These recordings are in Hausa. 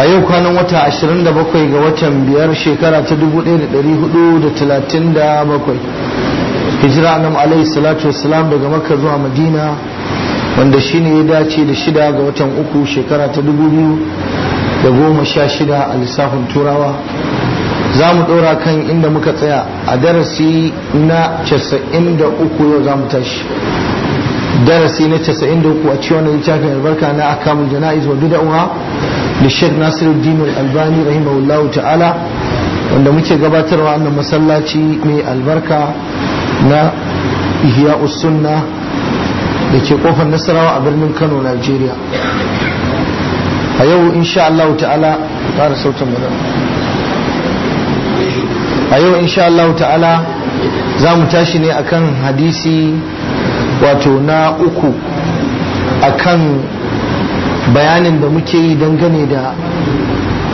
a yau kwanan wata 27 ga watan biyar shekara ta 1437 hijira annabi alaihi salatu wassalam daga makka zuwa madina wanda shine ya dace da shida ga watan uku shekara ta 2016 a lissafin turawa za mu ɗora kan inda muka tsaya a darasi na 93 yau za mu tashi darasi na 93 a cikin wannan littafin albarka na akamun jana'iz wa bid'aha da Sheikh Nasiruddin Al-Albani rahimahullahu ta'ala wanda muke gabatarwa annan masallaci mai albarka na Ihya Sunna da ke kofar Nasarawa a birnin Kano Najeriya a yau insha Allah ta'ala ƙara sautin a yau insha Allah ta'ala za mu tashi ne akan hadisi wato na uku akan bayanin da muke yi dangane da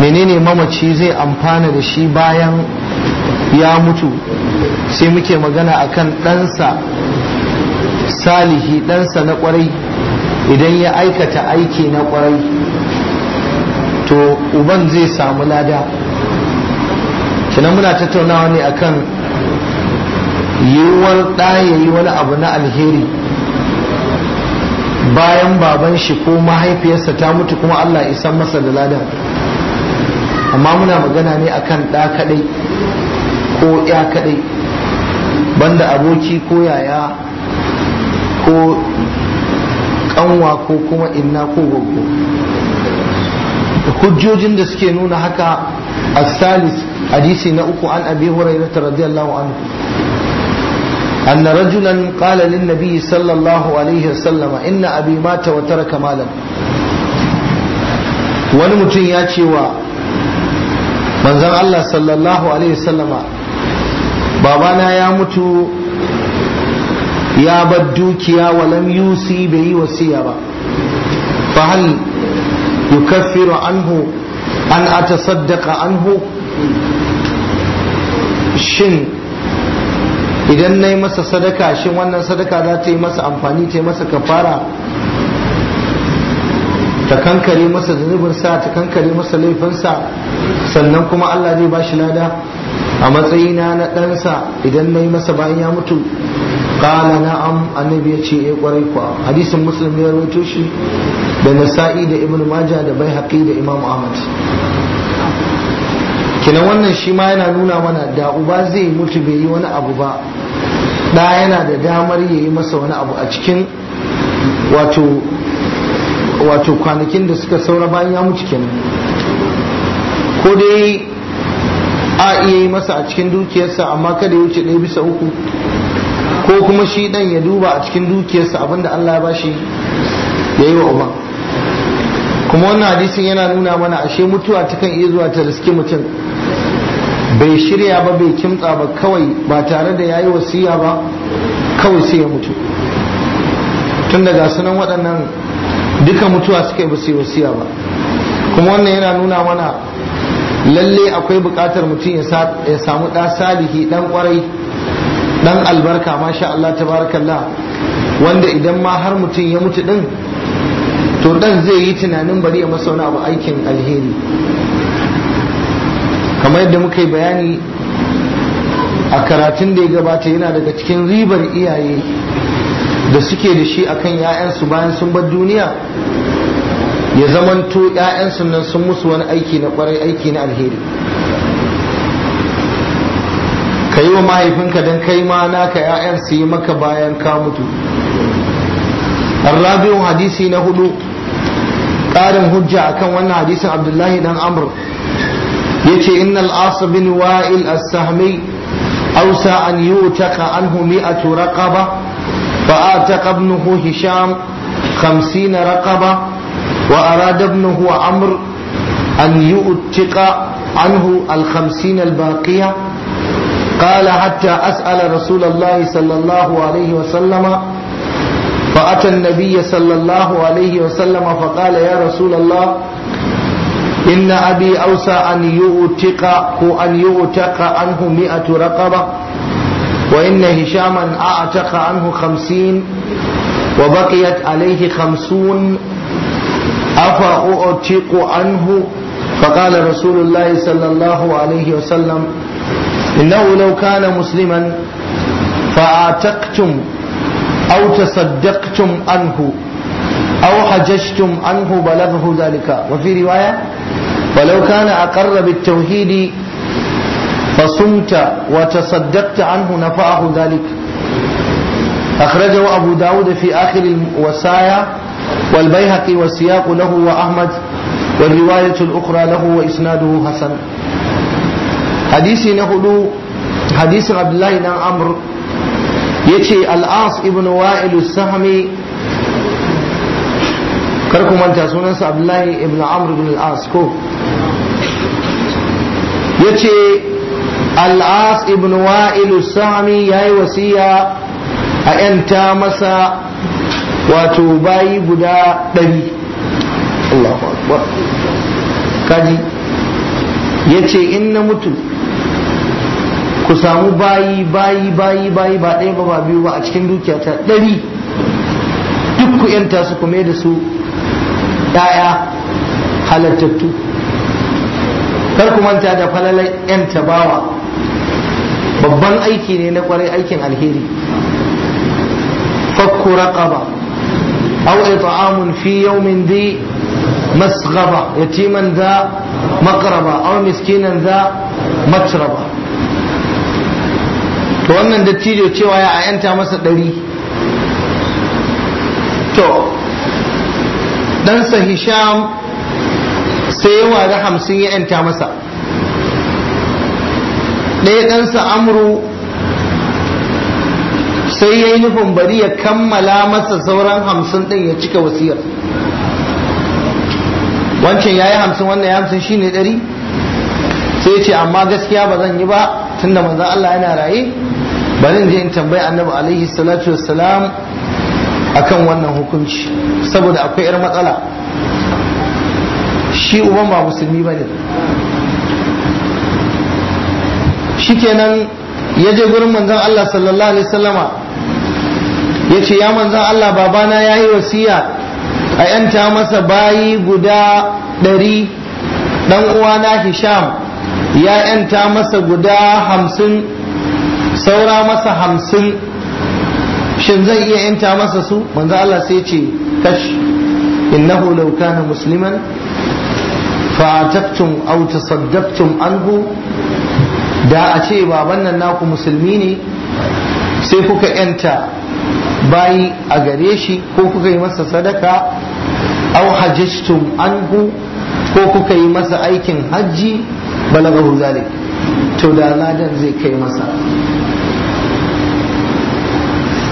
menene mamaci zai amfana da shi bayan ya mutu sai muke magana akan ɗansa salihi ɗansa na ƙwarai idan ya aikata aiki na kwarai to uban zai samu lada kinan muna tattaunawa ne akan yiwuwar ɗa ya yi wani abu na alheri bayan baban shi ko mahaifiyarsa ta mutu kuma Allah isan masa da ladan amma muna magana ne akan ɗa kaɗai ko ya kaɗai banda aboki ko yaya ko ƙanwa ko kuma inna ko goggo hujjojin da suke nuna haka a salis hadisi na uku an abi hurairah radiyallahu anhu أن رجلا قال للنبي صلى الله عليه وسلم إن أبي مات وترك مالا ونمتن ياتي و من زم الله صلى الله عليه وسلم بابانا يا متو يا بدوكيا ولم يوصي به وصيا فهل يكفر عنه أن أتصدق عنه شن idan na yi masa sadaka shin wannan sadaka za ta yi masa amfani ta yi masa kafara ta kankare masa zunubinsa ta kankare masa laifinsa sannan kuma Allah zai ba shi lada a matsayina na ɗansa idan na yi masa bayan ya mutu ƙala na'am annabi ya ce ya eh, kwarai kuwa hadisin musulmi ya rawaito shi da nasa'i da ibn maja da bai haƙi da imam ahmad kinan wannan shi ma yana nuna mana da uba zai mutu bai yi wani abu ba da yana da damar ya yi masa wani abu a cikin wato kwanakin da suka saura bayan ya mutu kenan ko dai a iya yi masa a cikin dukiyarsa amma kada ya wuce ɗaya bisa uku ko kuma shi ɗan ya duba a cikin dukiyarsa abinda Allah ya bashi ya yi wa uba kuma wannan hadisin yana nuna mana ashe mutuwa ta kan iya zuwa ta riski mutum bai shirya ba bai kimtsa ba kawai ba tare da yayi wasiya ba kawai sai ya mutu tun daga sunan waɗannan duka mutuwa suka yi basu wasiya ba kuma wannan yana nuna mana lalle akwai buƙatar mutum ya samu ɗa salihi ɗan ƙwarai ɗan albarka masha Allah ta tabarakallah wanda idan ma har mutum ya mutu ɗin to ɗan zai yi tunanin bari ya masa wani abu aikin alheri kamar yadda muka yi bayani a karatun da ya gabata yana daga cikin ribar iyaye da suke da shi akan 'ya'yansu bayan sun bar duniya ya zamanto 'ya'yansu nan sun musu wani aiki na kwarai aiki na alheri ka yi wa mahaifinka don kai ma naka 'ya'yan su yi maka bayan ka mutu arrabiyun hadisi na hudu ƙarin hujja akan wannan hadisin abdullahi dan Amur. yace innal as bin wa'il as-sahmi awsa an yutaka anhu mi'atu raqaba fa ataqa ibnuhu hisham 50 raqaba wa arada ibnuhu amr an yu'tika عنه الخمسين الباقية قال حتى أسأل رسول الله صلى الله عليه وسلم فأتى النبي صلى الله عليه وسلم فقال يا رسول الله إن أبي أوسى أن يؤتق أن يؤتق عنه مئة رقبة وإن هشاما أعتق عنه خمسين وبقيت عليه خمسون أفأعتق عنه فقال رسول الله صلى الله عليه وسلم إنه لو كان مسلما فأعتقتم أو تصدقتم عنه أو حججتم عنه بلغه ذلك وفي رواية ولو كان أقر بالتوحيد فصمت وتصدقت عنه نفعه ذلك أخرجه أبو داود في آخر الوصايا والبيهقي والسياق له وأحمد والرواية الأخرى له وإسناده حسن حديثي نقول حديث عبد الله بن عمرو يتي العاص ابن وائل السهمي karku manta sunansa abdullahi ibn amr bin al-as ko yace al-as ibn wa'il sami yayi wasiya a yanta masa wato bayi guda ɗari Allahu akbar kaji yace in na mutu ku samu bayi bayi bayi bayi ba ɗaya ba ba biyu ba a cikin dukiya ta ɗari duk ku yanta su ku da su 'ya'ya halattattu kar ku manta da falalar 'yan tabawa babban aiki ne na kwarai aikin alheri fakku raqaba aw it'amun fi yawmin dhi masghaba yatiman dha maqraba aw miskinan dha matraba to wannan dattijo cewa ya ayanta masa ɗari to ɗansa hisham sai yawa da hamsin ya yanta masa ɗaya ɗansa amru sai ya yi nufin bari ya kammala masa sauran hamsin ɗin ya cika wasiyar wancan ya yi hamsin wannan ya hamsin shine ɗari sai ce amma gaskiya ba zan yi ba tunda manzan Allah yana raye bari je in tambayi annabi alaihi salatu wassalam akan wannan hukunci saboda akwai 'yar matsala shi uban ba musulmi ba ne shikenan ya je gurin manzon Allah sallallahu alaihi wasallama ya ce ya manzon Allah babana ya yi wasiya a yanta masa bayi guda ɗari ɗan uwana Hisham ya yanta masa guda hamsin saura masa hamsin shin zai iya yanta masa su manzo Allah sai ce kash innahu law kana musliman fa'atabtum aw tasaddaqtum anhu da a ce baban nan naku musulmi ne sai kuka yanta bayi a gare shi ko kuka yi masa sadaka aw hajjtum anhu ko kuka yi masa aikin hajji balagahu zalik to da ladan zai kai masa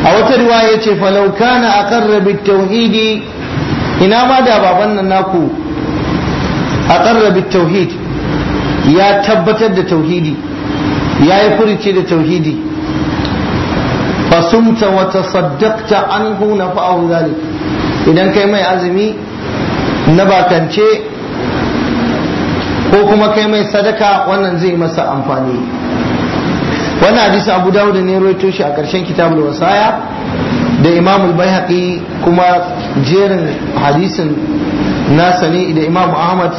a wata riwaya ya ce falau kana aqarra tauhidi ina ma da baban nan naku aqarra bit tauhid ya tabbatar da tauhidi ya yi furici da tauhidi fasumta wa tasaddaqta anhu nafa'u zalik idan kai mai azumi na bakance ko kuma kai mai sadaka wannan zai masa amfani wannan hadisi abu dawuda ne rawaito shi a ƙarshen kitab wasaya da imam al kuma jerin hadisin nasa ne da imam ahmad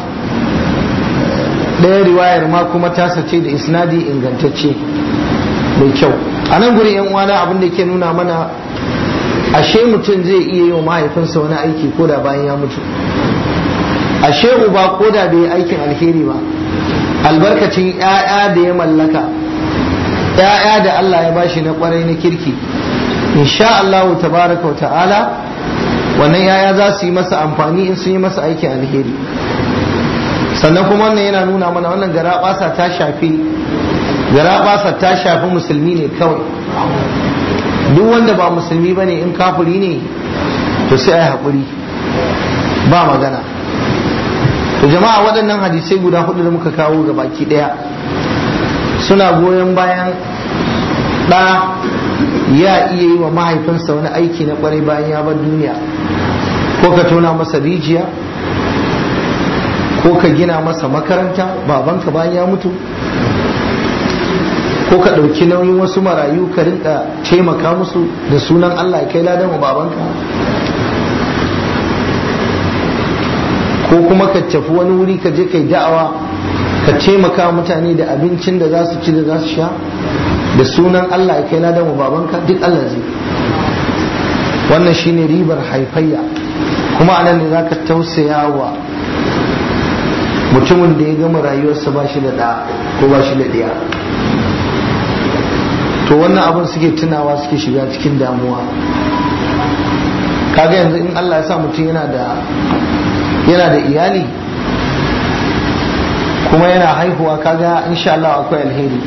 ɗaya riwayar ma kuma tasa ce da isnadi ingantacce mai kyau a nan guri yan uwana abin da ke nuna mana ashe mutum zai iya yi wa mahaifinsa wani aiki ko da bayan ya mutu ashe uba ko da bai aikin alheri ba albarkacin 'ya'ya da ya mallaka 'ya'ya da Allah ya bashi na kwarai na kirki insha Allah tabaraka wa ta'ala wannan yaya za su yi masa amfani in sun yi masa aikin alheri sannan kuma wannan yana nuna mana wannan gara basa ta shafi gara basa ta shafi musulmi ne kawai duk wanda ba musulmi bane in kafiri ne to sai a yi ba magana to jama'a waɗannan hadisai guda hudu da muka kawo ga baki ɗaya suna goyon bayan ɗa ya iya yi wa mahaifinsa wani aiki na kwarai bayan ya bar duniya ko ka tona masa rijiya ko ka gina masa makaranta babanka bayan ya mutu ko ka ɗauki nauyin wasu marayu ka rinka taimaka musu da sunan Allah ya kai ladan wa babanka ko kuma ka tafi wani wuri ka je kai da'awa ka taimaka mutane da abincin da za su ci da za su sha da sunan Allah kai na damu babanka duk Allah zai wannan shine ribar haifayya kuma anan ne zaka tausaya wa mutumin da ya gama rayuwarsa ba shi da da ko ba shi da ɗaya? to wannan abin suke tunawa suke shiga cikin damuwa kaga yanzu in Allah ya sa mutum yana da yana da iyali kuma yana haihuwa kaga insha Allah akwai alheri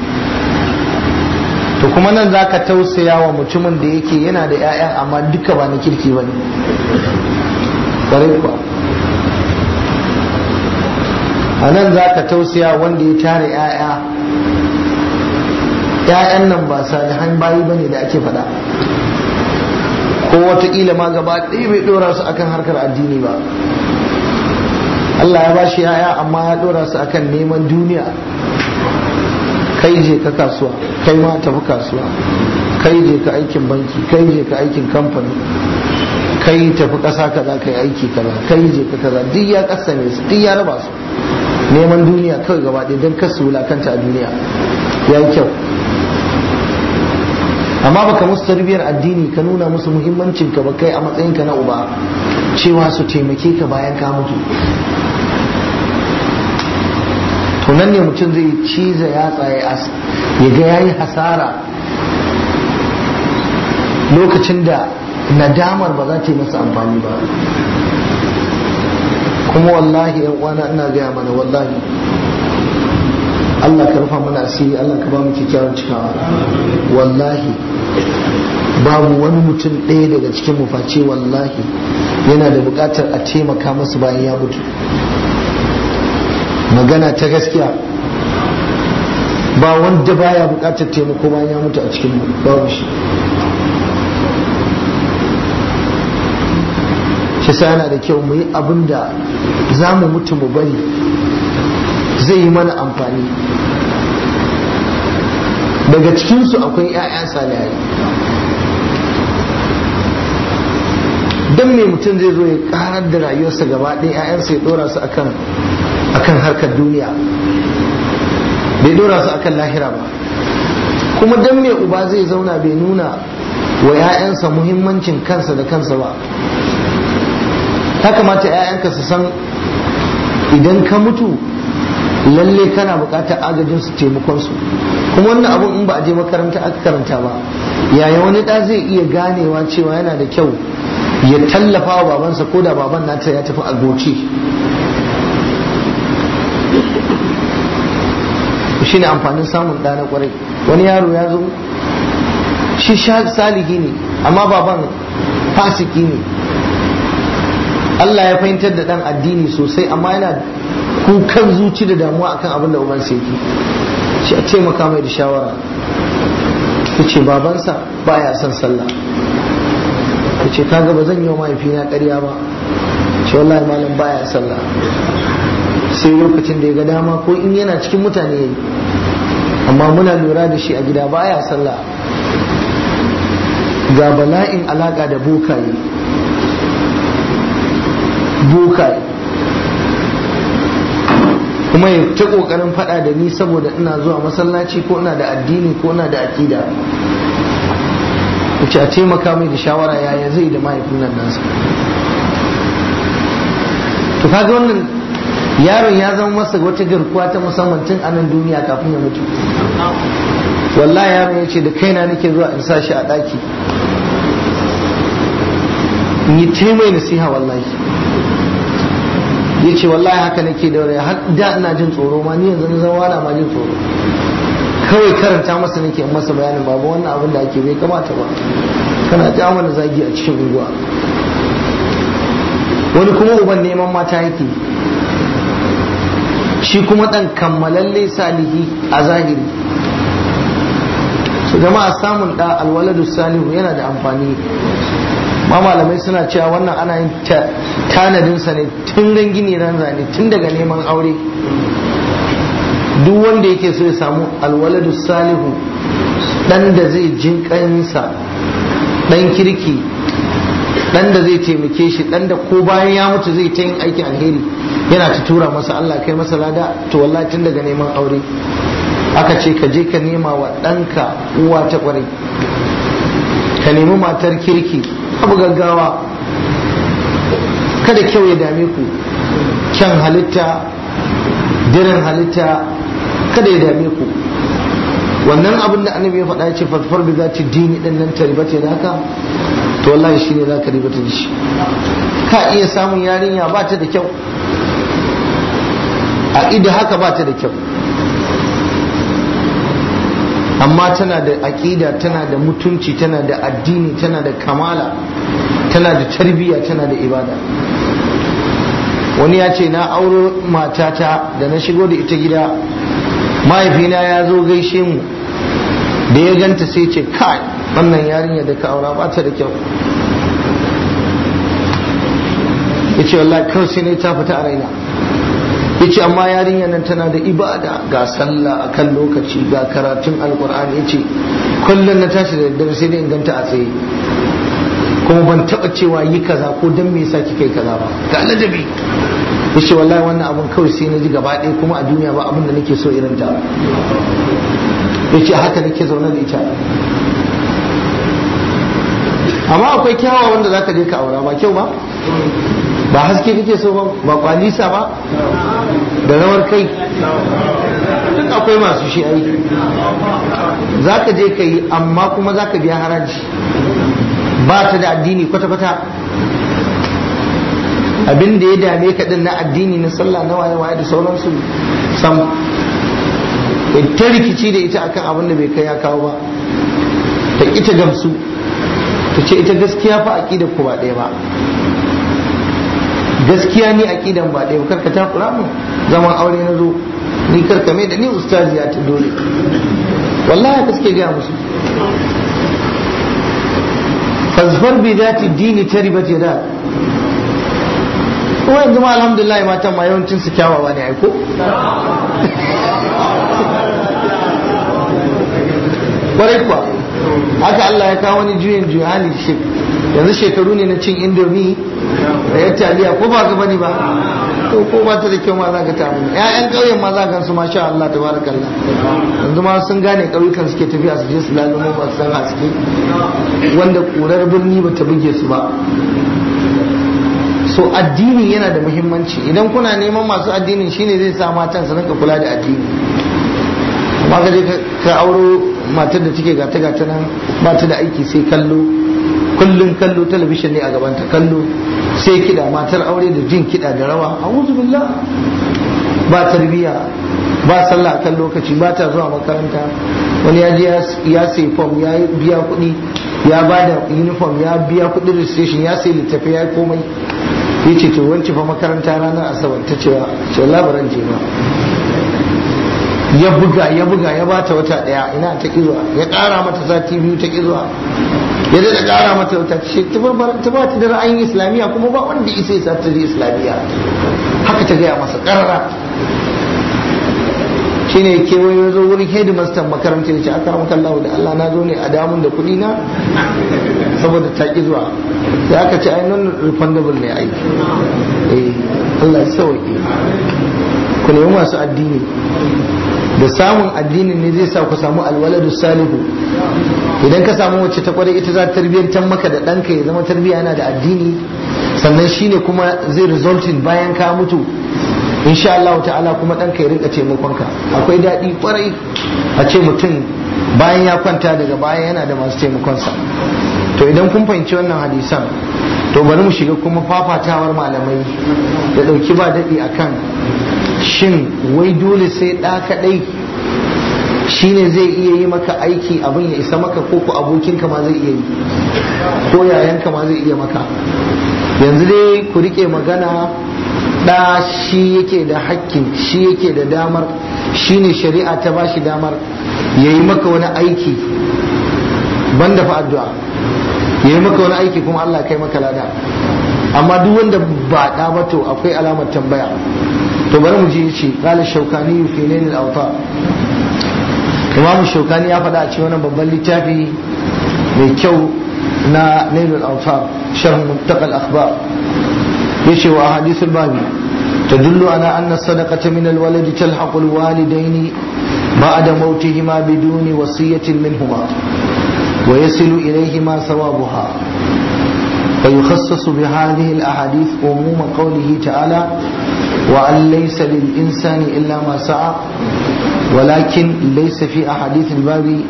to kuma nan zaka tausaya wa mutumin da yake yana da 'ya'ya amma duka ba na kirki bane kwarai a nan za ka tausaya wanda ya tare 'ya'ya ‘ya'yan nan ba salihan bayi ba ne da ake faɗa ko wataƙila ma gaba ɗaya bai ɗora su akan harkar addini ba Allah ya bashi yaya amma ya dora su akan neman duniya kai je ka kasuwa kai ma tafi kasuwa kai je ka aikin banki kai je ka aikin kamfani kai tafi ƙasa kaza kai aiki kaza kai je ka kaza duk ya ne su duk ya raba su neman duniya kawai gaba ɗaya don kasu wulakanta a duniya ya yi kyau amma baka musu tarbiyar addini ka nuna musu muhimmancin ka ba kai a matsayin ka na uba cewa su taimake ka bayan ka mutu to nan ne mutum zai ciza yatsa ya ga yayi hasara lokacin da nadamar ba za ta yi masa amfani ba kuma wallahi yan uwana ina gaya mana wallahi Allah ka rufa mana asiri Allah ka ba mu kyakkyawan cikawa wallahi babu wani mutum ɗaya daga cikin mu face wallahi yana da bukatar a taimaka masu bayan ya mutu magana ta gaskiya ba wanda baya bukatar taimako bayan ya mutu a cikin babu shi shi yana da kyau mu yi abin da za mu mutu mu bari zai yi mana amfani daga cikinsu akwai 'ya'ya salihai don me mutum zai zo ya karar da rayuwarsa gaba ɗaya 'ya'yansa ya dora su akan akan harkar duniya bai dora su akan lahira ba kuma don me uba zai zauna bai nuna wa 'ya'yansa muhimmancin kansa da kansa ba ta kamata 'ya'yanka su san idan ka mutu lalle kana bukatar agajin su taimakon su kuma wannan abun in ba a je makaranta aka karanta ba yaya wani ɗa zai iya ganewa cewa yana da kyau ya tallafa wa babansa ko da baban nata ya tafi agoci shi ne amfanin samun ɗana ƙwarai wani yaro ya zo shi salihi ne amma baban fasiki ne Allah ya fahimtar da ɗan addini sosai amma yana kukan zuci da damuwa akan abin da ubansa yake shi a taimaka mai da shawara ta ce babansa baya son sallah ce kaga ba zan yi wa mahaifina karya ba ce wallahi malam baya sallah sai lokacin da ya ga dama ko in yana cikin mutane yayi amma muna lura da shi a gida baya sallah ga bala'in alaka da bokaye kuma ya ta kokarin fada da ni saboda ina zuwa masallaci ko ina da addini ko ina da akida wuce a taimaka mai da shawara yaya zai da mahaifin nan nasa to kaga wannan yaron ya zama masa wata garkuwa ta musamman tun anan duniya kafin ya mutu wallahi yaron ya ce da kaina nake zuwa in sa shi a ɗaki in yi taimai nasiha wallahi ya ce wallahi haka nake da wani da ina jin tsoro ma ni yanzu na zama wala ma jin tsoro kawai karanta masa nake in masa bayanin babu wannan abin da ake bai kamata ba kana ta mana zagi a cikin unguwa wani kuma uban neman mata yake shi kuma dan kammalalle salihi a zahiri su jama'a samun da alwaladu salihu yana da amfani ma malamai suna cewa wannan ana yin tanadinsa ne tun gangini ran zane tun daga neman aure duk wanda yake so ya samu alwaladu salihu dan da zai jin kansa dan kirki dan da zai taimake shi dan da ko bayan ya mutu zai ta yin aiki alheri yana ta tura masa Allah kai masa lada to wallahi tun daga neman aure aka ce ka je ka nema wa ɗanka uwa ta kwarai ka nemi matar kirki abu gaggawa kada kyau ya dame ku kyan halitta dirin halitta kada ya dame ku wannan abin da annabi ya faɗa ya ce fasfar bi ta dini din nan ta ribace naka to wallahi za ka ribata da shi ka iya samun yarinya ba ta da kyau a ido haka ba ta da kyau amma tana da aƙida tana da mutunci tana da addini tana da kamala tana da tarbiyya tana da ibada wani ya ce na auro matata da na shigo da ita gida mahaifina ya zo gaishe mu da ya ganta sai ce kai wannan yarinya da ka aura ba ta da kyau ya ce wallahi kawai sai ne ta fita a raina ya ce amma yarinya nan tana da ibada ga sallah a kan lokaci ga karatun alkur'ani ya ce kullum na tashi da daddare sai dai inganta a tsaye kuma ban taɓa cewa yi kaza ko dan me yasa kika yi kaza ba ga alajabi. yace wallahi wannan abun kawai sai na ji gaba ɗaya kuma a duniya ba abin da nake so irin ta yace haka nake zaune da ita amma akwai kyawawa wanda za ka je ka aura ba kyau ba ba haske kake so ba ba kwalisa ba da rawar kai duk akwai masu shi ai za ka je ka yi amma kuma za ka biya haraji ba ta da addini kwata-kwata abin da ya dame ka din na addini na sallah na waye waye da sauransu sam ta rikici da ita akan abin da bai kai ya kawo ba ta ita gamsu ta ce ita gaskiya fa aqida ku ba ɗaya ba gaskiya ni aqidan ba ɗaya karka ta kura mu zaman aure na zo ni karka mai da ni ya ta dole wallahi ka suke gaya musu fazfar bi zati dini taribat da. kuma yanzu ma alhamdulillah matan ma yawancin su ba ne aiko kwarai kuwa haka Allah ya kawo wani juyin juhani yanzu shekaru ne na cin indomi da ya taliya ko ba gaba ne ba ko ko ba ta da kyau ma za ka tamu ƴaƴan ƙauyen ma za ka su masha Allah Allah yanzu ma sun gane ƙauyukan suke tafiya su je su lalumo ba san haske wanda ƙurar birni ba ta buge su ba so addini yana da muhimmanci idan kuna neman masu addini shine zai sa matan su rinka kula da addini amma ka je ka auro matar da take gata gata nan ba ta da aiki sai kallo kullun kallo talabishin ne a gabanta kallo sai kida matar aure da jin kida da rawa a'udhu billah ba tarbiyya ba sallah kan lokaci ba ta zuwa makaranta wani ya je ya sai form ya biya kuɗi ya ba da uniform ya biya kuɗin registration ya sai littafi ya komai ce to wanci fa makaranta ranar asabar ta cewa to labaran je ba ya buga ya buga ya bata wata daya ina ta kizo ya kara mata sati biyu ta kizo ya da kara mata wata ce ta ba ta da ra'ayin islamiyya kuma ba wanda isa ya sa ta je islamiyya haka ta gaya masa karara shine wani zo wurin hedimastan makaranta ya ce aka ramka Allah da Allah na zo ne a damun da kuɗi na saboda ta ki zuwa sai aka ce ai nan refundable ne aiki eh Allah ya sauke ku nemi masu addini da samun addinin ne zai sa ku samu alwaladu salihu idan ka samu wacce ta kware ita za ta tarbiyyantar maka da ɗanka ya zama tarbiyya yana da addini sannan shine kuma zai resulting bayan ka mutu sha Allah ta'ala kuma ɗanka ya rinka taimakonka akwai daɗi kwarai a ce mutum bayan ya kwanta daga baya yana da masu taimakonsa to idan kun fahimci wannan hadisan to bari mu shiga kuma fafatawar malamai da ɗauki ba daɗi akan shin wai dole sai ɗa kaɗai shine zai iya yi maka aiki abin ya isa maka ko ku abokinka ma zai iya yi ko yayanka ma zai iya maka yanzu dai ku rike magana da shi yake da hakkin shi yake da damar shi ne shari'a ta ba shi damar ya yi maka wani aiki ban da addu'a ya yi maka wani aiki kuma Allah kai maka lada amma duk wanda ba da ba to akwai alamar tambaya to bari mu je shi qala shaukani fi lailil awtar imamu shaukani ya faɗa a cikin wannan babban littafi mai kyau na lailil awtar sharh muntaqal akhbar yace wa ahadithul تدل على أن الصدقة من الولد تلحق الوالدين بعد موتهما بدون وصية منهما ويصل إليهما ثوابها ويخصص بهذه الأحاديث عموم قوله تعالى وأن ليس للإنسان إلا ما سعى ولكن ليس في أحاديث الباب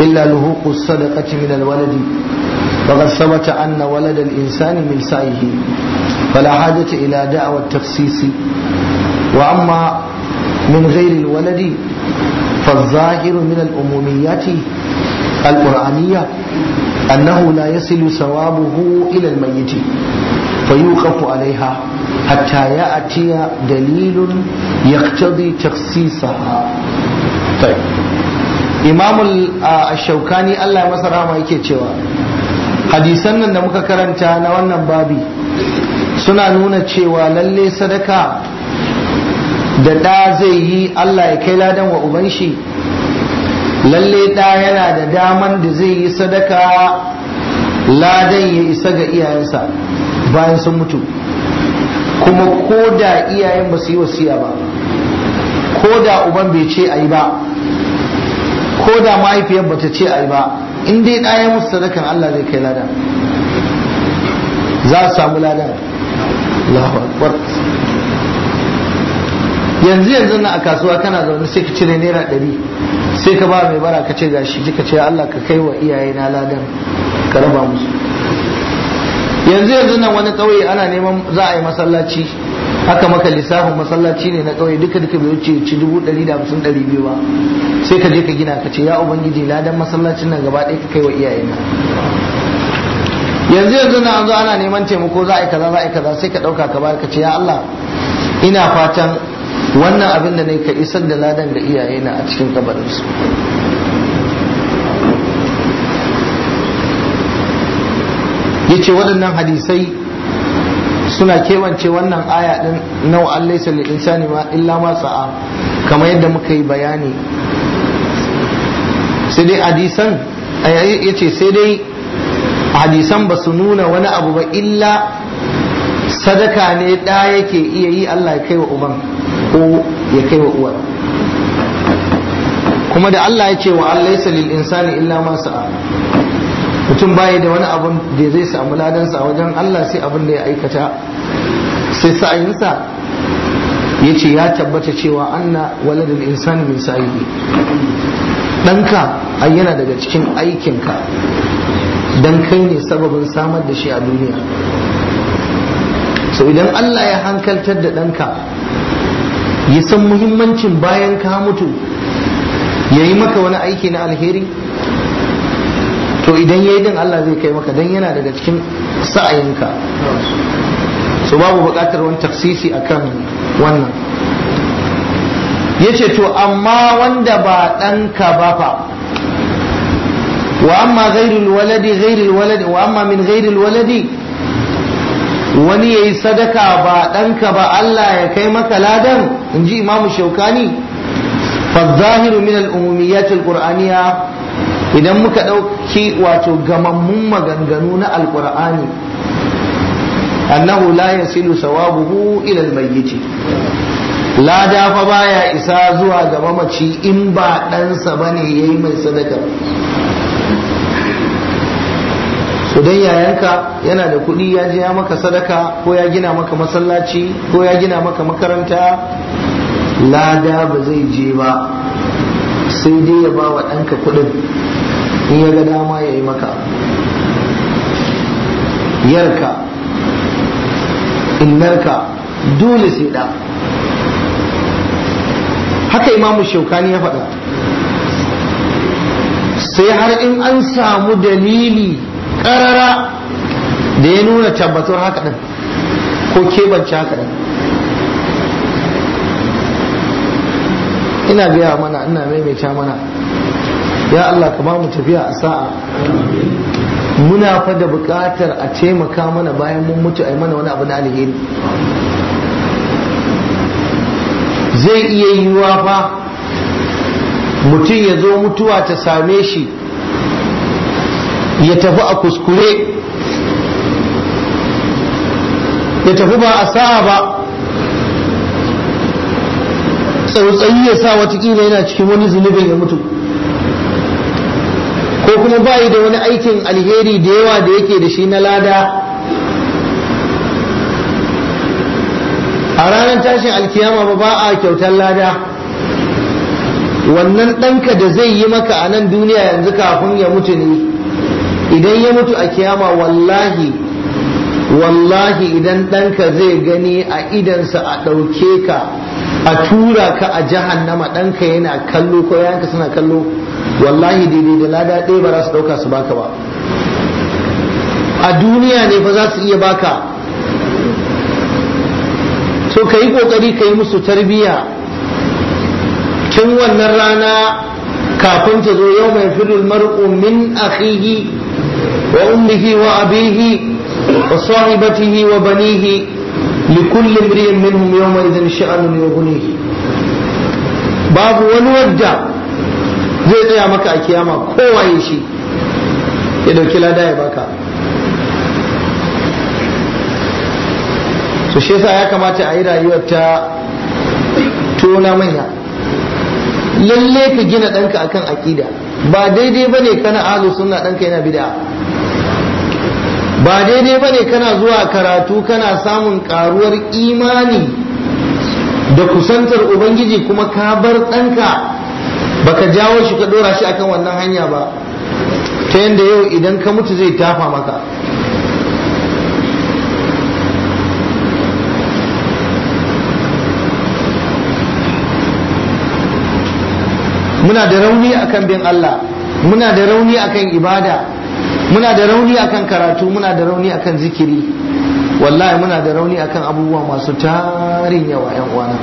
إلا لهوق الصدقة من الولد فقد ثبت أن ولد الإنسان من سعيه فلا حاجة إلى دعوى التخصيص وأما من غير الولد فالظاهر من الأموميات القرآنية أنه لا يصل ثوابه إلى الميت فيوقف عليها حتى يأتي دليل يقتضي تخصيصها طيب إمام الشوكاني الله مسرح ما yake cewa hadisan nan da muka karanta na wannan babi suna nuna cewa lalle sadaka da ɗa zai yi Allah ya kai ladan wa uban shi lalle ɗa yana da daman da zai yi sadaka ladan ya isa ga iyayensa bayan sun mutu kuma ko da iyayen ba su yi wasiya ba ko da uban bai ce a yi ba ko da mahaifiyar ba ta ce a yi ba in dai ɗaya musu sadakan Allah zai kai ladan za su samu ladan Allahu akbar yanzu yanzu na a kasuwa kana zaune sai ka cire naira ɗari sai ka ba mai bara ka ce gashi kika ce Allah ka kai wa iyaye na ladan ka raba musu yanzu yanzu nan wani ƙauye ana neman za a yi masallaci haka maka lissafin masallaci ne na ƙauye duka duka bai wuce ci dubu ɗari da hamsin ɗari biyu ba sai ka je ka gina ka ce ya ubangiji ladan masallacin nan gaba ɗaya ka kai wa iyayena yanzu yanzu na anzo ana neman taimako za a yi kaza za a yi kaza sai ka ɗauka ka ka ce ya Allah ina fatan wannan abin da ne ka isar da ladan da iyaye na a cikin kabarinsu ya ce waɗannan hadisai suna kewance wannan aya ɗin nau laisa lil insani ma illa ma sa'a kamar yadda muka yi bayani sai dai hadisan ya ce sai dai hadisan ba su nuna wani abu ba illa sadaka ne ɗa yake iya yi Allah ya kai wa uban ko ya kai wa uwar kuma da Allah ya ce wa Allah ya lil insani illa ma sa'a mutum baya da wani abun da zai samu ladansa a wajen Allah sai abin da ya aikata sai sa'ayinsa ya ce ya tabbata cewa anna waladul insani min sa'ihi ɗanka ayyana yana daga cikin aikinka don kai ne sababin samar da shi a duniya so idan Allah ya hankaltar da ɗanka ya san muhimmancin bayan ka mutu ya yi maka wani aiki na alheri to idan ya yi din Allah zai kai maka don yana daga cikin sa'ayinka so babu buƙatar wani taksisi a kan wannan ya ce to amma wanda ba ɗanka ba fa وأما غير الولد غير الولد وأما من غير الولد wani ya yi sadaka ba ɗanka ba Allah ya kai maka ladan in ji imamu shaukani fazahiru min al'umumiyyatul qur'aniya idan muka ɗauki wato gamammun maganganu na alƙur'ani annahu la yasilu sawabuhu ila almayyiti lada fa baya isa zuwa ga mamaci in ba ɗansa bane yayi mai sadaka idan yayanka yana da kuɗi ya je ya maka sadaka ko ya gina maka masallaci ko ya gina maka makaranta lada ba zai je ba sai dai ya ba wa ɗanka kuɗin in ya ga dama ya yi maka yarka innarka dole sai ɗa haka imamu shaukani ya faɗa sai har in an samu dalili karara da ya nuna tabbatar haka din ko kebance haka din ina gaya mana ina maimaita mana ya Allah ka ba mu tafiya a sa'a muna fa da buƙatar a taimaka mana bayan mun mutu a mana wani abu na alheri zai iya yiwuwa fa mutum ya zo mutuwa ta same shi ya tafi a kuskure ya tafi ba a sa'a ba tsautsayi ya sa watakila yana cikin wani zunubin ya mutu ko kuma bayi da wani aikin alheri da yawa da yake da shi na lada a ranar tashin alkiyama ba ba a kyautar lada wannan ɗanka da zai yi maka a nan duniya yanzu kafin ya mutu ne idan ya mutu a kiyama wallahi wallahi idan ɗanka zai gani a idansa a ɗauke ka a tura ka a jahannama ɗanka yana kallo ko yanka suna kallo wallahi daidai da lada ɗaya ba za su ɗauka su baka ba a duniya ne fa za su iya baka To ka yi ƙoƙari ka yi musu tarbiyya tun wannan rana kafin ta zo yau mai fidul mar'u min akhihi وأمه وأبيه وصاحبته وبنيه لكل امرئ منهم يومئذ شأن يغنيه باب ونودع zai tsaya maka a kiyama kowaye shi ya dauki lada ya baka shi ya kamata a yi rayuwar ta tona manya lalle ka gina ɗanka akan aƙida ba daidai ba ne kana alu suna ɗanka yana bid'a ba daidai ba ne kana zuwa karatu kana samun karuwar imani da kusantar ubangiji kuma ka bar ɗanka baka jawo shi ka ɗora shi akan wannan hanya ba ta yadda yau idan ka mutu zai tafa maka muna da rauni akan bin Allah muna da rauni akan ibada muna da rauni akan karatu muna da rauni akan zikiri wallahi muna da rauni akan abubuwa masu tarin yawa yan uwana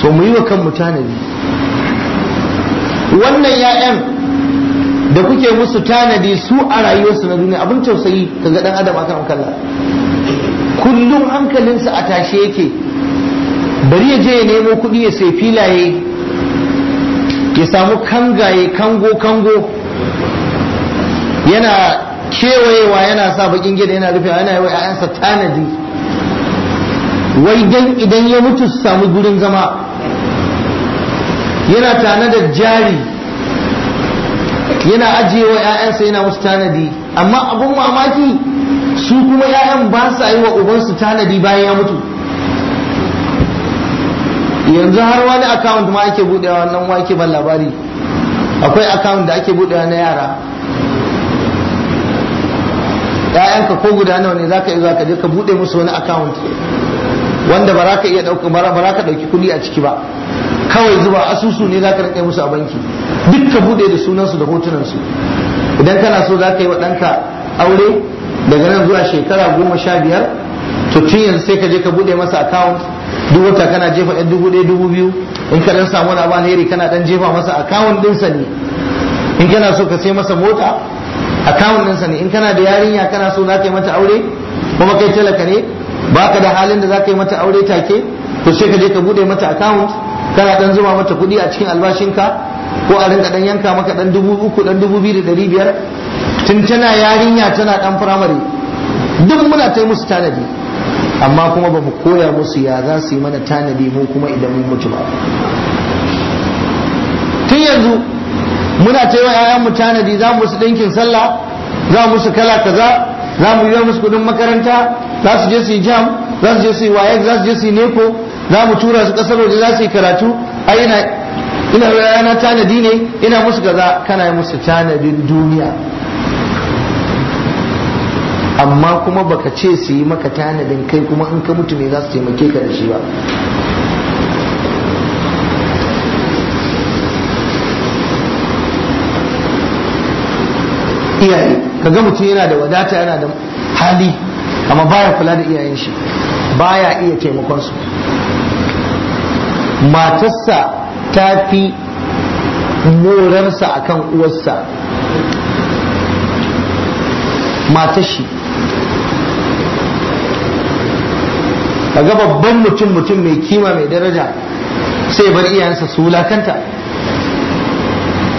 so mu yi wa kanmu tanadi wannan ya'yan da kuke musu tanadi su a rayuwarsu na duniya abin tausayi ga dan adam akan kalla kullum hankalinsa a tashe yake bari ya je ya nemo kuɗi ya sai filaye ya samu kangaye kango kango yana kewayewa yana sa bakin gida yana rufe yana yi wa ƴaƴansa tanadi wai dan idan ya mutu su samu gurin zama yana tanada jari yana ajiye wa ƴaƴansa yana musu tanadi amma abun mamaki su kuma 'ya'yan ba su yi wa ubansu tanadi bayan ya mutu yanzu har wani account ma ake budewa nan wa ake ban labari akwai account da ake budewa na yara ƴaƴanka ko guda nawa ne zaka yi zaka je ka bude musu wani account wanda ba za ka iya dauka ba za ka dauki kuɗi a ciki ba kawai zuba asusu ne zaka rike musu a banki duk ka bude da sunansu da hotunansu idan kana so zaka yi wa danka aure daga nan zuwa shekara goma sha biyar to tun yanzu sai ka je ka bude masa account duk wata kana jefa yan dubu ɗaya dubu biyu in ka dan samu wani alheri kana dan jefa masa account ɗinsa ne in kana so ka sai masa mota akawun ɗinsa ne in kana da yarinya kana so zaka yi mata aure kuma kai talaka ne baka da halin da zaka yi mata aure take to sai ka je ka bude mata akawunt kana dan zuba mata kuɗi a cikin ka ko a rinka dan yanka maka dan dubu uku dan dubu biyu da ɗari biyar tun tana yarinya tana dan firamare duk muna ta musu tanadi amma kuma ba mu koya musu ya za su yi mana tanadi mu kuma idan mun mutu ba tun yanzu muna ta yi wa 'ya'yanmu tanadi za mu musu ɗinkin sallah za mu kala kaza za mu biya musu kuɗin makaranta za su je su yi jam za su je su yi za su je su yi neko za mu tura su ƙasar waje za su yi karatu ai ina ina yana tanadi ne ina musu kaza kana yi musu tanadin duniya amma kuma baka ce su yi maka tanadin kai kuma in ka mutu me za su taimake ka da shi ba iyaye kaga mutum yana da wadata yana da hali amma baya kula da iyayen shi baya iya taimakon su matarsa ta fi morarsa akan uwarsa matar kaga babban mutum mutum mai kima mai daraja sai bar iyayensa su wulakanta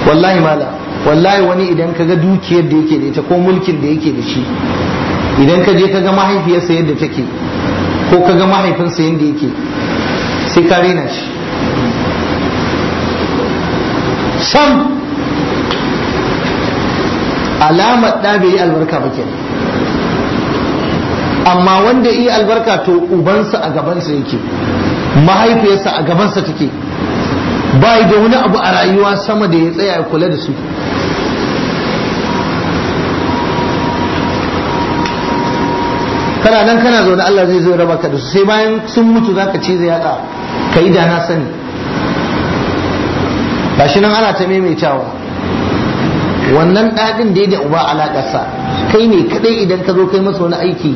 wallahi mala wallahi wani idan kaga dukiyar da yake da ita ko mulkin da yake da shi idan ka je kaga mahaifiyarsa yadda take ko kaga mahaifinsa yadda yake sai ka rena shi sam alamar ɗa bai yi albarka ba kenan amma wanda yi albarka to ubansa a gabansa yake mahaifiyarsa a gabansa take bai da wani abu a rayuwa sama da ya tsaya kula da su kana nan kana zaune Allah zai zo raba ka da su sai bayan sun mutu za ka zai yaka ka yi da na sani Ba shi nan ana ta maimaitawa wannan ɗaɗin da ya da uba alaƙarsa kai ne kaɗai idan ka zo kai masa wani aiki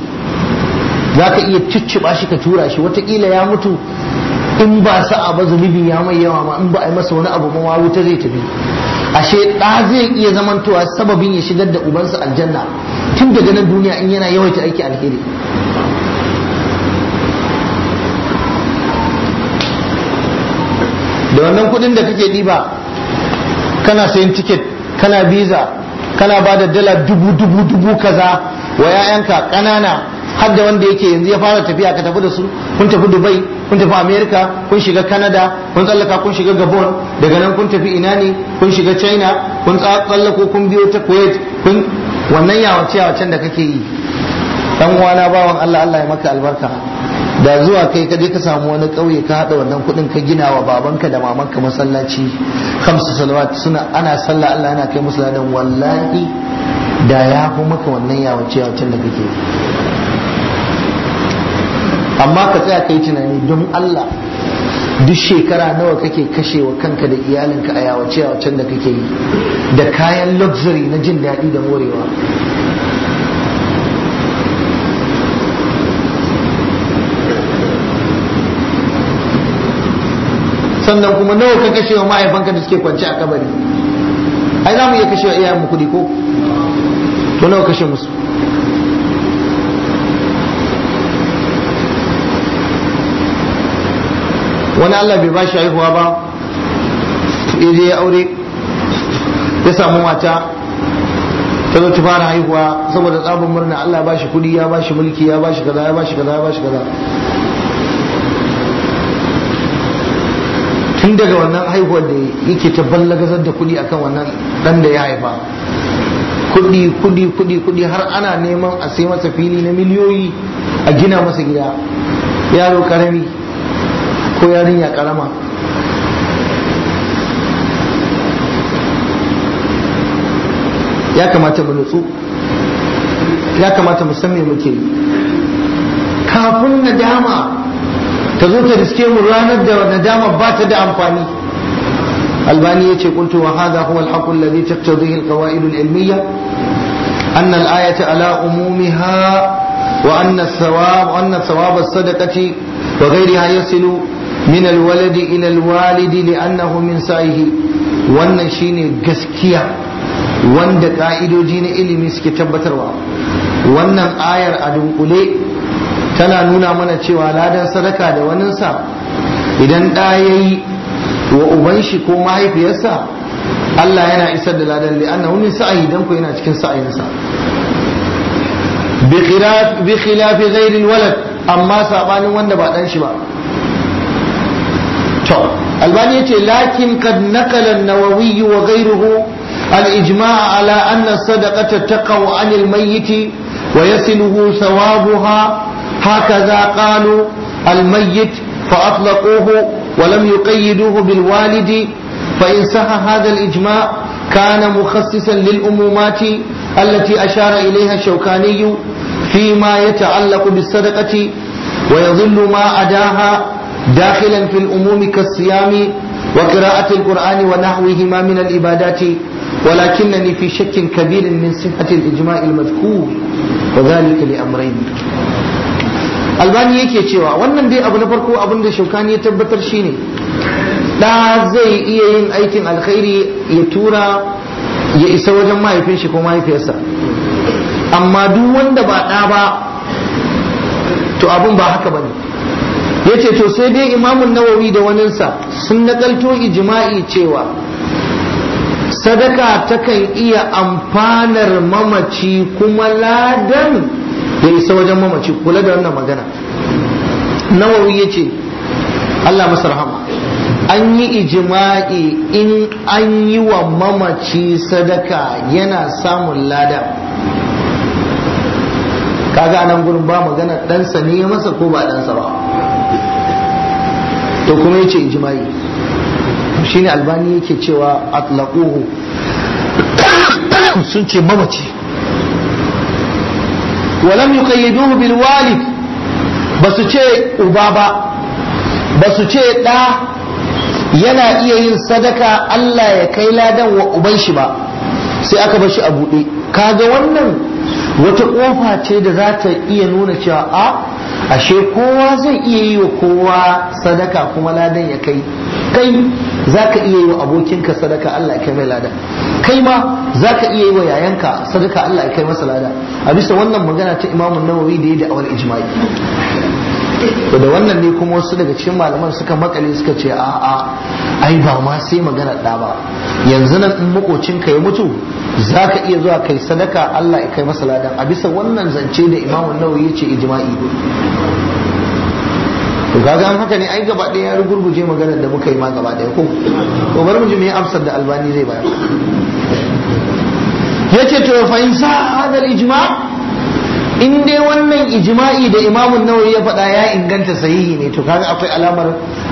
za ka iya cicciɓa shi ka tura shi watakila ya mutu in ba sa'a ba zunubi ya mai yawa ma in ba a yi masa wani abu ba wuta zai tafi ashe ɗa zai iya zamantowa sababin ya shigar da ubansa aljanna tun daga nan duniya in yana yawaita aiki alheri da wannan kudin da kake diba. kana sayan tiket kana Visa kana ba da dala dubu dubu dubu kaza wa 'ya'yanka kanana har da wanda yake yanzu ya fara tafiya ka tafi da su kun tafi dubai kun tafi america kun shiga canada kun tsallaka kun shiga gabon daga nan kun tafi ina ne kun shiga china kun tsallako kun biyo ta kuwait wannan yawace yawacen da kake yi dan uwana bawan Allah Allah ya maka albarka da zuwa kai kaje ka samu wani ƙauye ka haɗa wannan kuɗin ka gina wa babanka da mamanka masallaci kamsu salawat suna ana sallah Allah yana kai musu ladan wallahi da ya fi maka wannan yawace yawacen da kake yi. amma ka tsaya kai tunani don Allah duk shekara nawa kake kashewa kanka da iyalinka a yawace can da kake yi da kayan luxury na jin daɗi da morewa sannan kuma nawa ka kashewa ma'aifanka da suke kwance a kabari ai za mu iya kashewa mu kuɗi ko to nawa kashe musu wani Allah bai ba shi haihuwa ba je ya aure ya samu mata ta zo ta fara haihuwa saboda tsabin murna Allah ba shi kudi ya ba shi mulki ya ba shi kaza ya ba shi kaza ya ba shi kaza tun daga wannan haihuwar da yake ta ballagazar da kudi akan wannan dan da ya haifa kudi kudi kudi kudi har ana neman a sai masa fili na miliyoyi a gina masa gida yaro karami ko yarinya karama ya kamata mu nutsu ya kamata mu san me muke kafin nadama ta zo ta riske mu ranar da nadama ba ta da amfani albani ya ce kuntu wa hadha huwa al-haqq alladhi taqtadihi al-qawaid al-ilmiyya anna al ala umumiha wa anna as-sawab anna sawab as-sadaqati min alwaladi ila alwalidi li'annahu min sa'ihi wannan shine gaskiya wanda ka'idoji na ilimi suke tabbatarwa wannan ayar a dunkule tana nuna mana cewa ladan sadaka da waninsa idan ɗa ya yi wa uban shi ko mahaifiyarsa Allah yana isar da ladan li'anna wani sa'ayi dan ku yana cikin sa'ayinsa bi khilafi ghairil walad amma saɓanin wanda ba ɗan shi ba الباني يتي لكن قد نقل النووي وغيره الإجماع على أن الصدقة تقع عن الميت ويصله ثوابها هكذا قالوا الميت فأطلقوه ولم يقيدوه بالوالد فإن صح هذا الإجماع كان مخصصا للأمومات التي أشار إليها الشوكاني فيما يتعلق بالصدقة ويظل ما أداها داخلا في الأموم كالصيام وقراءة القرآن ونحوهما من العبادات ولكنني في شك كبير من صحة الإجماع المذكور وذلك لأمرين albani yake cewa wannan dai abu na farko abun da shaukani ya tabbatar shine da zai iya yin aikin alkhairi ya tura ya isa wajen mahaifin shi ko mahaifiyarsa amma duk wanda ba ba to ba haka bane yace to sai dai imamun nawawi da waninsa sun nakalto ijma'i cewa sadaka takan iya amfanar mamaci kuma ladan ya isa wajen mamaci kula da wannan magana nawawi yace Allah masa rahama an yi ijima'i in an yi wa mamaci sadaka yana samun lada kaga nan gurin ba magana ɗansa ne ya masa ko ba ɗansa ba to kuma yace ijma'i shine albani yake cewa atlaquhu sun ce mamaci lam yuqayyiduhu bil walid basu ce uba ba basu ce da yana iya yin sadaka Allah ya kai ladan wa uban shi ba sai aka bar shi a bude kaga wannan wata kofa ce da za ta iya nuna cewa a ah, ashe kowa zai iya yi wa kowa sadaka kuma ladan ya kai kai za ka iya yi wa abokinka sadaka Allah ya kai mai lada kai ma za ka iya yi wa yayanka sadaka Allah ya kai masa lada a bisa wannan magana ta imamun nawawi da ya da awal ijma'i to da wannan ne kuma wasu daga cikin malaman suka makale suka ce a a ai ba ma sai magana da ba yanzu nan in ka ya mutu zaka iya zuwa kai sadaka Allah ya kai masa ladan a bisa wannan zance da Imam Nawawi ya ce ijma'i to kaga an haka ne ai gaba ɗaya ya rugurguje maganar da muka yi ma gaba ɗaya ko to bar mu ji me amsar da albani zai bayar yace to fa in sa hadal ijma' in dai wannan ijma'i da imamun nawawi ya faɗa ya inganta sahihi ne to kaga akwai alamar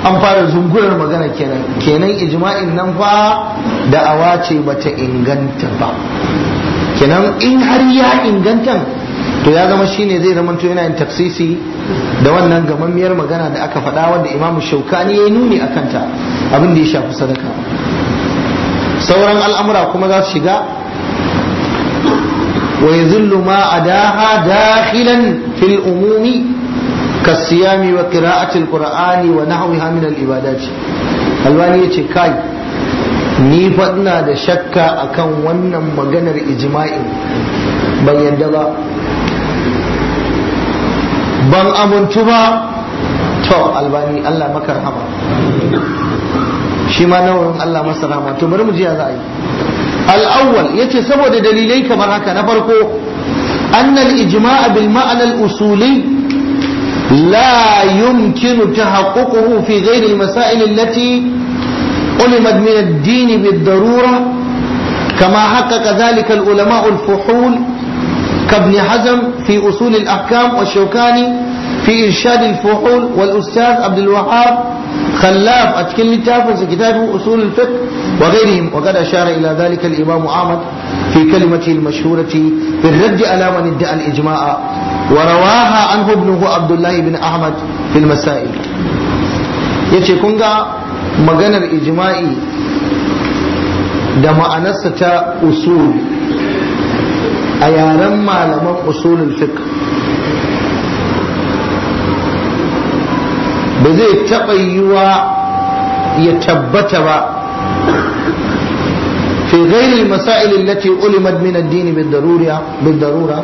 an fara zungurar magana kenan kenan ijma'in nan fa da awa ce bata inganta ba kenan in har ya inganta to ya zama shine zai zama to yana yin taksisi da wannan gamammiyar magana da aka faɗa wanda imamu shaukani ya yi nuni a kanta abin da ya shafi sadaka sauran al'amura kuma za su shiga ويذل ما عداها داخلا في الأموم كالصيام وقراءة القرآن ونحوها من العبادات الواني يتي كاي ni faɗina da shakka kan wannan maganar ijma'in ban yadda ba ban amintu ba to albani Allah maka rahama shi ma Allah masa rahama to bari mu za a yi الأول يتي سبب دليلي كما هكا نفرقو أن الإجماع بالمعنى الأصولي لا يمكن تحققه في غير المسائل التي علمت من الدين بالضرورة كما حقق ذلك العلماء الفحول كابن حزم في أصول الأحكام والشوكاني في إرشاد الفحول والأستاذ عبد الوهاب khallaf a cikin littafin sa kitabun usul al-fiqh wa ghayrihim ila dhalika al-imam ahmad fi kalimatihi al-mashhurati fi ar-radd ala man idda'a al-ijma'a wa rawaha anhu ibnuhu abdullah ahmad fi al-masail yace kun ga maganar ijma'i da ma'anarsa ta usul a yaren malaman usulul fiqh ba zai taɓa wa ya tabbata ba fi ghairi masail allati ulimat min ad-din bid-darura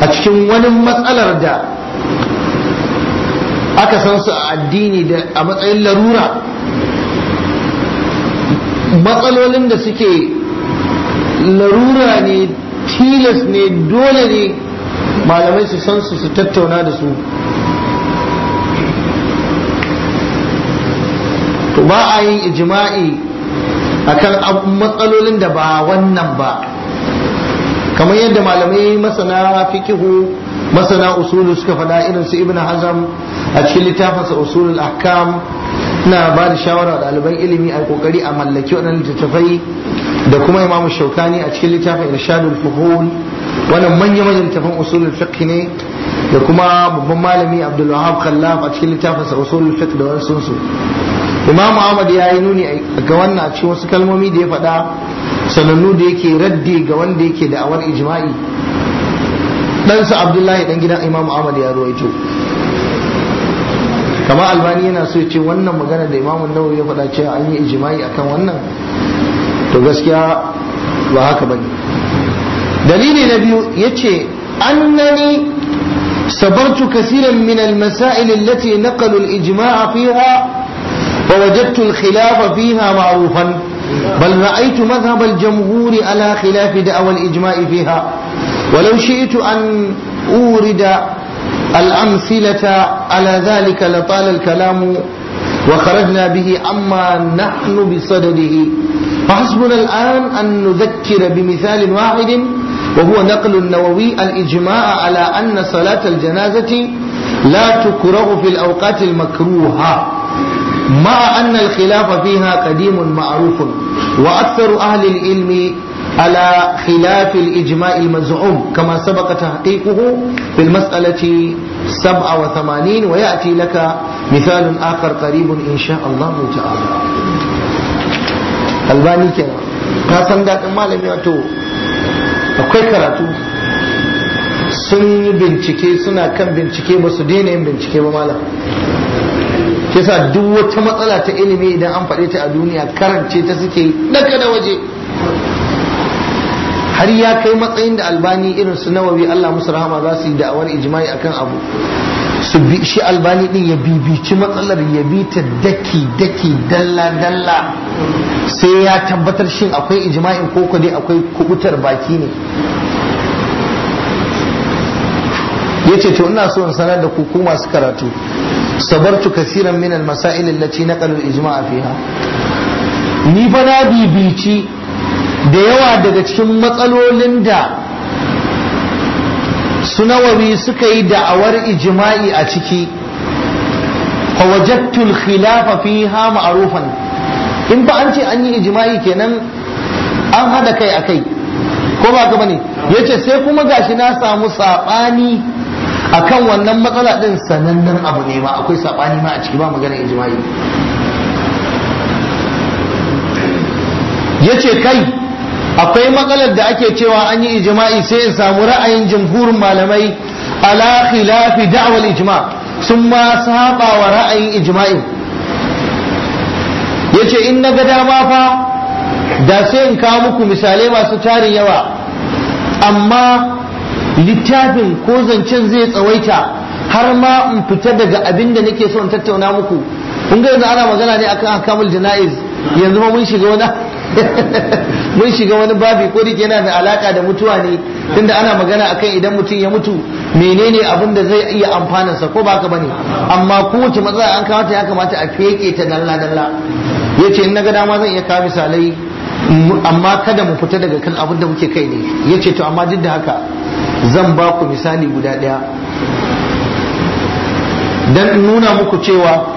a cikin wani matsalar da aka san su a addini da a matsayin larura matsalolin da suke larura ne tilas ne dole ne malamai su san su su tattauna da su to ba a yin ijma'i akan matsalolin da ba wannan ba kamar yadda malamai masana fikihu masana usulu suka faɗa irin su ibn hazam a cikin littafinsa usulul ahkam na ba da shawara ɗaliban ilimi a kokari a mallaki waɗannan littattafai da kuma imamu shaukani a cikin littafin irshadul fuhul wannan manya manyan littafin usulul fiqh ne da kuma babban malami abdul wahab khallaf a cikin littafin sa usul fiqh da wasu su imam ahmad ya yi nuni ga wannan a cikin wasu kalmomi da ya faɗa sanannu da yake raddi ga wanda yake da awar ijma'i su abdullahi dan gidan imam ahmad ya ruwaito kama albani yana so ya ce wannan magana da imamu nawawi ya faɗa cewa an yi ijimai akan wannan to gaskiya ba haka bane dalili na biyu yace annani سبرت كثيرا من المسائل التي نقلوا الإجماع فيها ووجدت الخلاف فيها معروفا بل رأيت مذهب الجمهور على خلاف دعوى الإجماع فيها ولو شئت أن أورد الأمثلة على ذلك لطال الكلام وخرجنا به عما نحن بصدده فحسبنا الآن أن نذكر بمثال واحد وهو نقل النووي الإجماع على أن صلاة الجنازة لا تكره في الأوقات المكروهة مع أن الخلاف فيها قديم معروف وأكثر أهل العلم على خلاف الإجماع المزعوم كما سبق تحقيقه في المسألة 87 ويأتي لك مثال آخر قريب إن شاء الله تعالى الباني كنا كاسم المال مالي akwai karatu sun yi bincike suna kan bincike ba su daina yin bincike ba malam sa duk wata matsala ta ilimi idan an faɗe ta a duniya karance ta suke daga da waje har ya kai matsayin da albani irin su nawawi Allah musu rahama za su yi da'awar ijma'i akan abu su bi shi albani din ya bibici matsalar ya bi ta daki daki dalla dalla sai ya tabbatar shin akwai ijma'in ko dai akwai kubutar baki ne ya ce to ina so in sanar da ku masu karatu sabartu kasiran min al-masail allati naqalu al-ijma'a fiha ni fa na bibici da yawa daga cikin matsalolin da su nawawi suka yi da'awar ijima'i a ciki fa wajadtul khilafa fiha ma'rufan in ba an ce an yi ijma'i kenan an hada kai akai ko ba ka bane yace sai kuma gashi na samu sabani akan wannan matsala din sanannen abu ne ma akwai sabani ma a ciki ba magana ijma'i yace kai akwai matsalar da ake cewa an yi ijma'i sai in samu ra'ayin jamhurin malamai ala khilafi da'wal ijma sun ma saba wa ra'ayin ijma'i yace in na ga dama fa da sai in kawo muku misalai masu tarin yawa amma littafin ko zancen zai tsawaita har ma in fita daga abin da nake so in tattauna muku kun ga yanzu ana magana ne akan akamul jana'iz yanzu ma mun shiga wani mun shiga wani babi ko duk yana da alaka da mutuwa ne tunda ana magana akan idan mutum ya mutu menene abin da zai iya amfanin sa ko ba ka bane amma kowace matsala an kawo ya kamata a feke ta dalla dalla yace in naga dama zan iya kawo misalai amma kada mu fita daga kan abin da muke kai ne yace to amma duk da haka zan ba ku misali guda daya dan nuna muku cewa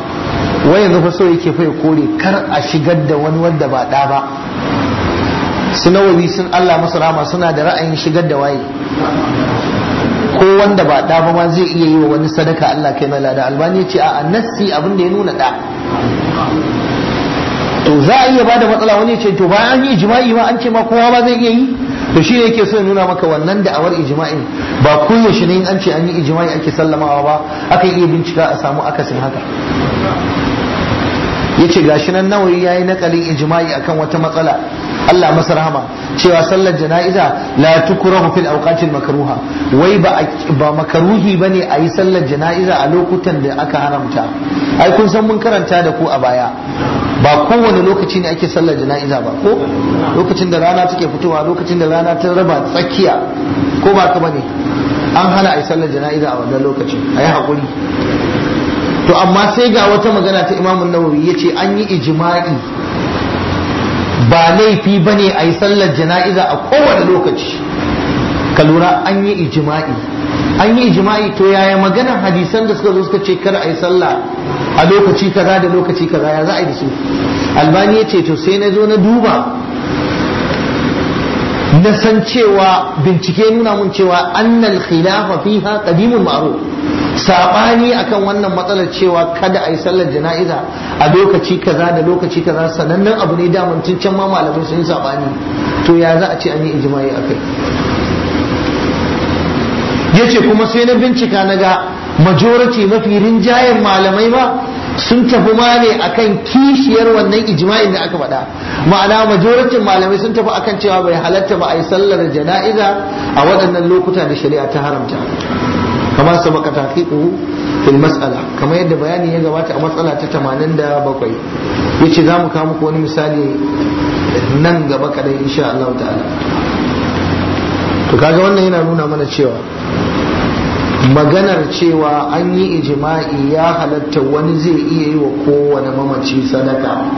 wai yanzu fa so yake fa ya kore kar a shigar da wani wanda ba ɗa ba su nawawi sun Allah masu rama suna da ra'ayin shigar da waye ko wanda ba ɗa ba ma zai iya yi wa wani sadaka Allah kai mai lada albani ce a annasi abin da ya nuna ɗa to za a iya ba da matsala wani ce to bayan an yi jima'i ma an ce ma kowa ba zai iya yi to shi ne yake so ya nuna maka wannan awar ijma'in ba koyaushe ne in an ce an yi ijma'i ake sallamawa ba akan iya bincika a samu akasin haka yace gashi nan ya yayi nakalin ijma'i akan wata matsala Allah masa rahama cewa sallar jana'iza la tukrahu fil awqatil makruha wai ba ba makaruhi bane a yi sallar jana'iza a lokutan da aka haramta ai kun san mun karanta da ku a baya ba kowane lokaci ne ake sallar jana'iza ba ko lokacin da rana take fitowa lokacin da rana ta raba tsakiya ko ba ka bane an hana a yi sallar jana'iza a wannan lokacin a yi to amma sai ga wata magana ta imamun nawawi ya ce an yi ijima'i ba laifi ba ne a yi sallar jana'iza a kowane lokaci ka lura an yi ijima'i an yi ijima'i to yaya maganar hadisan da suka zo suka ce kar a yi sallah a lokaci kaza da lokaci kaza ya za a yi su albani ya ce to sai na zo na duba na san cewa bincike nuna mun cewa annal khilafa fiha qadimun ma'ruf sabani akan wannan matsalar cewa kada a yi sallar jana'iza a lokaci kaza da lokaci kaza sanannen abu ne daman can ma malamai sun yi sabani to ya za a ce an yi ijimai a yace kuma sai na bincika na ga majority mafi rinjayen malamai ba sun tafi ma ne akan kishiyar wannan ijma'in da aka faɗa ma'ana majoratin malamai sun tafi akan cewa bai halatta ba a yi sallar jana'iza a waɗannan lokuta da shari'a ta haramta kama sabaka taqiqu fil mas'ala kamar yadda bayani ya gabata a matsala ta 87 yace za mu kawo muku wani misali nan gaba kadai insha Allah ta'ala to kaga wannan yana nuna mana cewa maganar cewa an yi ijima'i ya halatta wani zai iya yi wa kowane mamaci sadaka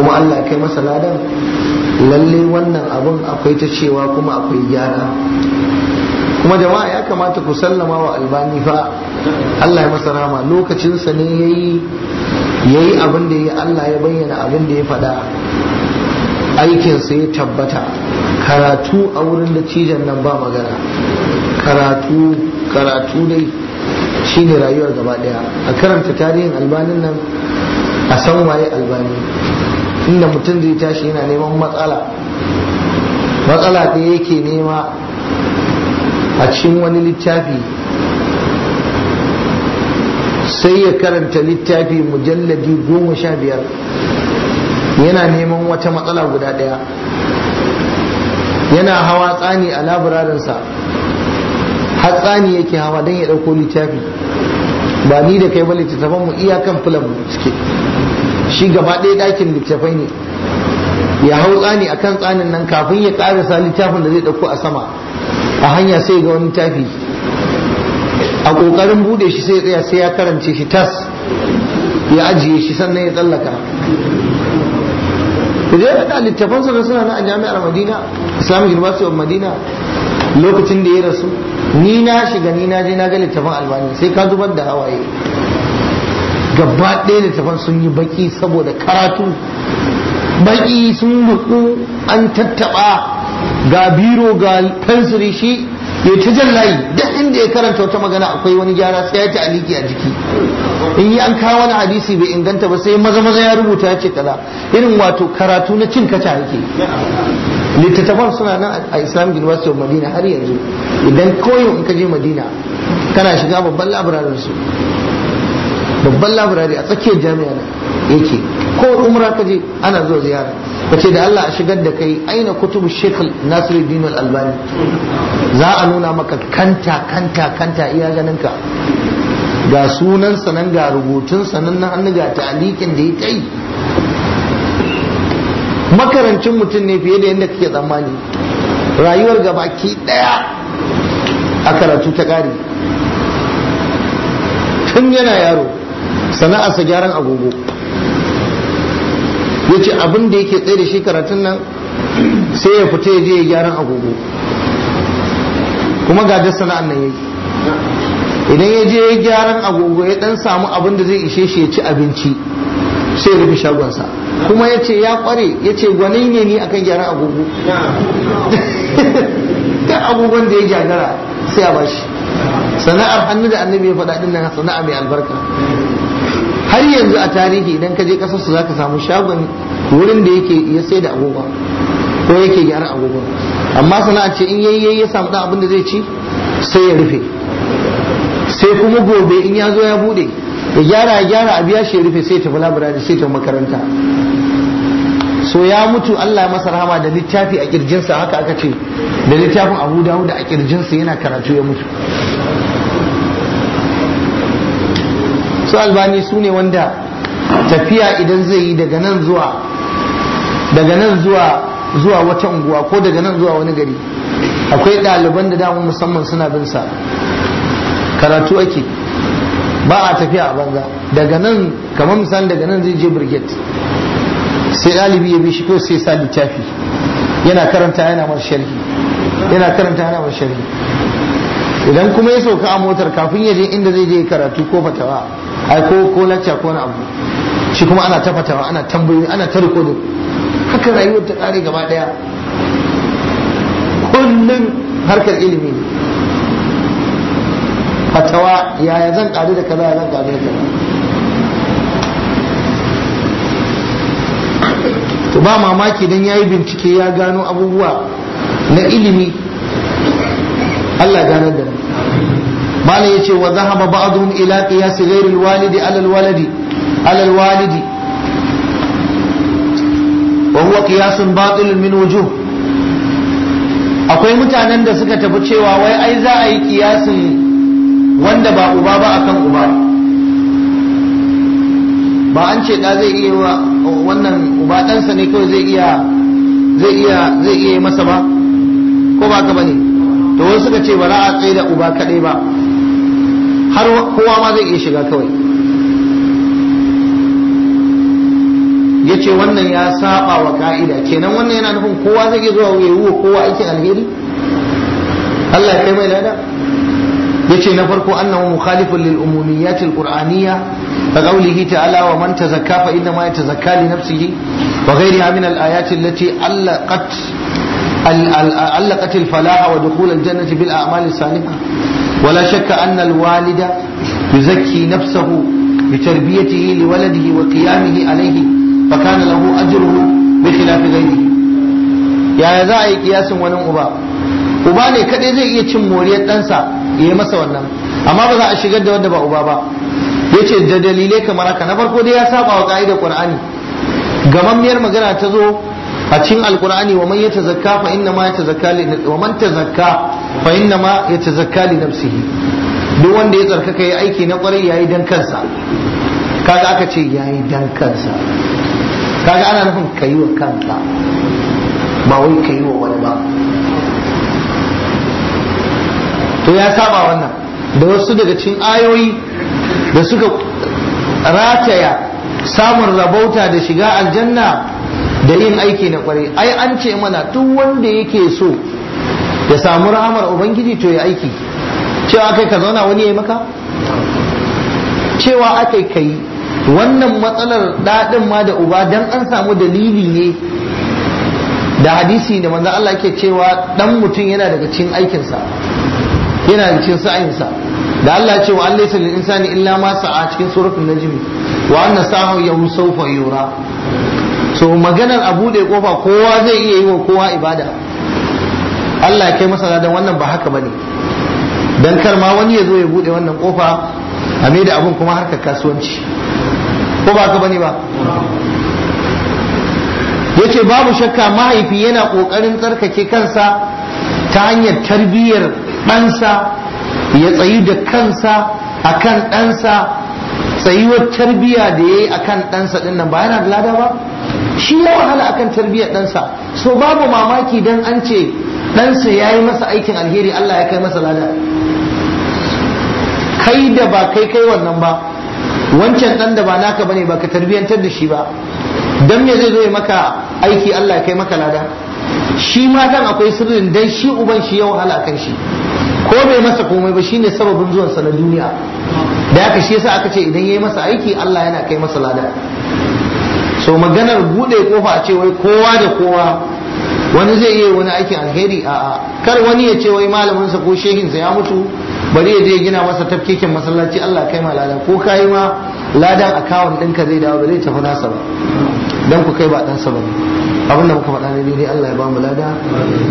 kuma Allah kai masa ladan lalle wannan abun akwai ta cewa kuma akwai gyara kuma jama'a ya kamata ku sallama wa albani fa Allah ya masa rama lokacinsa ne yayi yayi abin da yayi Allah ya bayyana abin da ya faɗa aikinsa ya tabbata karatu a wurin da dattijan nan ba magana karatu karatu dai shine rayuwar gaba ɗaya a karanta tarihin albanin nan a san waye albani inda mutum zai tashi yana neman matsala matsala da yake nema a cikin wani littafi sai ya karanta littafi mujalladi goma sha biyar yana neman wata matsala guda ɗaya yana hawa tsani a labararinsa har tsani yake hawa don ya ɗauko littafi ba ni da kai ba littattafan mu iyakan filan mu suke shi gaba ɗaya ɗakin littattafai ne ya hau tsani akan tsanin nan kafin ya ƙarasa littafin da zai ɗauko a sama a hanya sai ga wani tafi a kokarin bude shi sai tsaya sai ya karance shi tas ya ajiye shi sannan ya tsallaka da ya faɗa littafan suna na a jami'ar madina islamic university of madina lokacin da ya rasu ni na shiga ni na je na ga littafan albani sai ka zubar da hawaye gaba ɗaya littafan sun yi baki saboda karatu baki sun buku an tattaɓa ga biro ga fensiri shi ya ta jan layi duk inda ya karanta wata magana akwai wani gyara sai ya ta aliki a jiki in yi an kawo wani hadisi bai inganta ba sai maza maza ya rubuta ya ce kala irin wato karatu na cin kaca yake littattafan suna nan a Islam university of madina har yanzu idan koyo in ka je madina kana shiga babban labirarin su babban labirari a tsakiyar jami'a yake ko umra ka je ana zuwa ziyara ka ce da Allah a shigar da kai aina kutubu Sheikh Nasiruddin Al-Albani za a nuna maka kanta kanta kanta iya ganin ka ga sunan sanan ga rubutun sanan na hannu ga talikin da ya kai makarancin mutum ne fiye da yadda kake tsammani rayuwar gabaki daya a karatu ta kare tun yana yaro sana'arsa gyaran agogo yace abin da yake tsaye da shi karatun nan sai ya fita ya je ya gyaran agogo kuma ga sana'an nan yayi idan ya je gyaran agogo ya dan samu abin da zai ishe shi ya ci abinci sai ya rufe shagonsa kuma ya ya kware yace ce ne ni akan gyaran agogo duk agogon da ya gyagara sai a bashi sana'ar hannu da annabi ya faɗa din nan sana'a mai albarka har yanzu a tarihi idan ka je kasar su zaka samu shagon wurin da yake ya sai da agogon ko yake gyara agogon amma sana'a ce in yayi ya samu dan abin da zai ci sai ya rufe sai kuma gobe in ya zo ya bude ya gyara ya gyara a biya shi ya rufe sai ta tafi labirari sai ta makaranta so ya mutu Allah ya masa rahama da littafi a kirjinsa haka aka ce da littafin Abu Dawud a kirjinsa yana karatu ya mutu su albani su ne wanda tafiya idan zai yi daga nan zuwa daga nan zuwa zuwa wata unguwa ko daga nan zuwa wani gari akwai ɗaliban da dama musamman suna bin sa karatu ake ba a tafiya a banza daga nan kamar misali daga nan zai je brigade sai ɗalibi ya bi shi ko sai sa littafi yana karanta yana mar sharhi yana karanta yana mar sharhi idan kuma ya sauka a motar kafin ya je inda zai je karatu ko fatawa ai ko ko lacca ko na abu shi kuma ana tafatawa ana tambayi ana ta rikodin haka rayuwar ta kare gaba daya kullum harkar ilimi ne fatawa yaya zan kare da kaza zan kare da kaza to ba mamaki dan yayi bincike ya gano abubuwa na ilimi Allah ya ganar da mu malam yace wa zahaba ba'dhum ila qiyas ghayr walidi ala alwalidi ala alwalidi wa huwa qiyasun batil min wujuh akwai mutanen da suka tafi cewa wai ai za a yi kiyasin wanda ba uba ba akan uba ba an ce da zai iya wannan uba ɗansa ne kawai zai iya zai iya zai iya masa ba ko ba ka bane to wasu suka ce ba za a tsaye da uba kaɗai ba har kowa ma zai iya shiga kawai ya ce wannan ya saba wa ka'ida kenan wannan yana nufin kowa zai iya zuwa ya wa kowa aikin alheri Allah ya kai mai lada ya ce na farko annahu mukhalifun lil umumiyyat al qur'aniyya ka qawlihi ta'ala wa man tazakka fa inna ma yatazakka li nafsihi wa ghayriha min al ayati allati allaqat allaqat al falaha wa dukhul al jannati bil a'mal as salihah ولا شك أن الوالد يزكي نفسه بتربيته لولده وقيامه عليه فكان له أجره بخلاف غيره يا زعي قياس ونم أبا أبا ne kadai zai iya cin تنسى ɗansa ya masa wannan amma ba za a shigar da wanda ba uba ba yace da dalilai kamar haka na farko dai ya saba wa ka'idar Qur'ani gamammiyar magana ta zo a cikin alkur'ani wa man yatazakka fa inna ma yatazakka li wa man tazakka fa inna ma yatazakka li nafsihi duk wanda ya tsarkaka yayi aiki na kwarai yayi dan kansa kaga aka ce yayi dan kansa kaga ana nufin kayi wa kanka ba wai kayi wa wani ba to ya saba wannan da wasu daga cikin ayoyi da suka rataya samun rabauta da shiga aljanna da yin aiki na kwarai ai an ce mana duk wanda yake so ya samu rahamar ubangiji to ya aiki cewa kai ka zauna wani ya maka cewa akai kai wannan matsalar daɗin ma da uba dan an samu dalili ne da hadisi da manzan Allah ke cewa dan mutum yana daga cikin aikinsa yana daga cikin sa'insa da Allah ce wa Allah lil insani illa ma sa'a cikin suratul najm wa anna sa'ahu yawm sawfa yura so maganar a buɗe kofa kowa zai iya yi wa kowa ibada Allah ya kai masana don wannan ba haka bane dan kar ma wani ya zo ya buɗe wannan kofa a mai da abun kuma harkar kasuwanci ko ba haka bane ba yace babu shakka mahaifi yana kokarin tsarkake kansa ta hanyar tarbiyyar ɗansa ya tsayi da kansa akan ɗansa tsayuwar tarbiyya da ya yi akan ɗansa ɗin nan ba yana da lada ba shi ya wahala akan tarbiyyar ɗansa so babu mamaki dan an ce ɗansa ya yi masa aikin alheri Allah ya kai masa lada kai da ba kai kai wannan ba wancan ɗan da ba naka bane ba ka tarbiyyantar da shi ba dan me zai zo ya maka aiki Allah ya kai maka lada shi ma dan akwai sirrin dan shi uban shi ya wahala akan shi ko bai masa komai ba shine sababin zuwansa na duniya da haka shi yasa aka ce idan ya yayi masa aiki Allah yana kai masa lada so maganar bude kofa a ce wai kowa da kowa wani zai iya wani aikin alheri a kar wani ya ce wai malaminsa ko shehin sa ya mutu bari ya je gina masa tafkeken masallaci Allah kai ma lada ko kai ma ladan akawun ɗinka zai dawo bare tafi nasa ba dan ku kai ba dan sa abin da muka faɗa ne dai Allah ya ba mu lada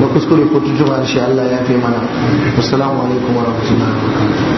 da kuskure ko tujuma insha Allah ya fi mana assalamu alaikum wa rahmatullahi